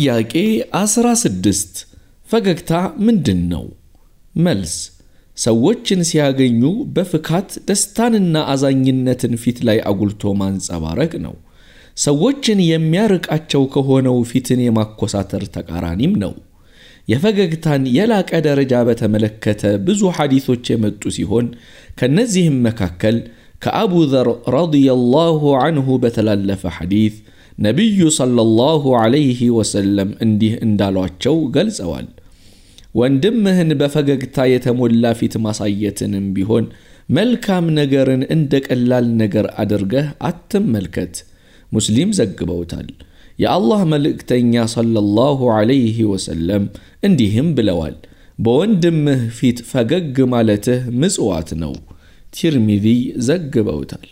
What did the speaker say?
ጥያቄ 16 ፈገግታ ምንድን ነው? መልስ ሰዎችን ሲያገኙ በፍካት ደስታንና አዛኝነትን ፊት ላይ አጉልቶ ማንጸባረቅ ነው። ሰዎችን የሚያርቃቸው ከሆነው ፊትን የማኮሳተር ተቃራኒም ነው። የፈገግታን የላቀ ደረጃ በተመለከተ ብዙ ሐዲሶች የመጡ ሲሆን ከነዚህም መካከል ከአቡ ዘር ረዲየላሁ አንሁ በተላለፈ ሐዲት ነቢዩ ሰለላሁ ዐለይሂ ወሰለም እንዲህ እንዳሏቸው ገልጸዋል። ወንድምህን በፈገግታ የተሞላ ፊት ማሳየትንም ቢሆን መልካም ነገርን እንደ ቀላል ነገር አድርገህ አትመልከት። ሙስሊም ዘግበውታል። የአላህ መልእክተኛ ሰለላሁ ዐለይሂ ወሰለም እንዲህም ብለዋል፣ በወንድምህ ፊት ፈገግ ማለትህ ምጽዋት ነው። تيرمذي زق بوتال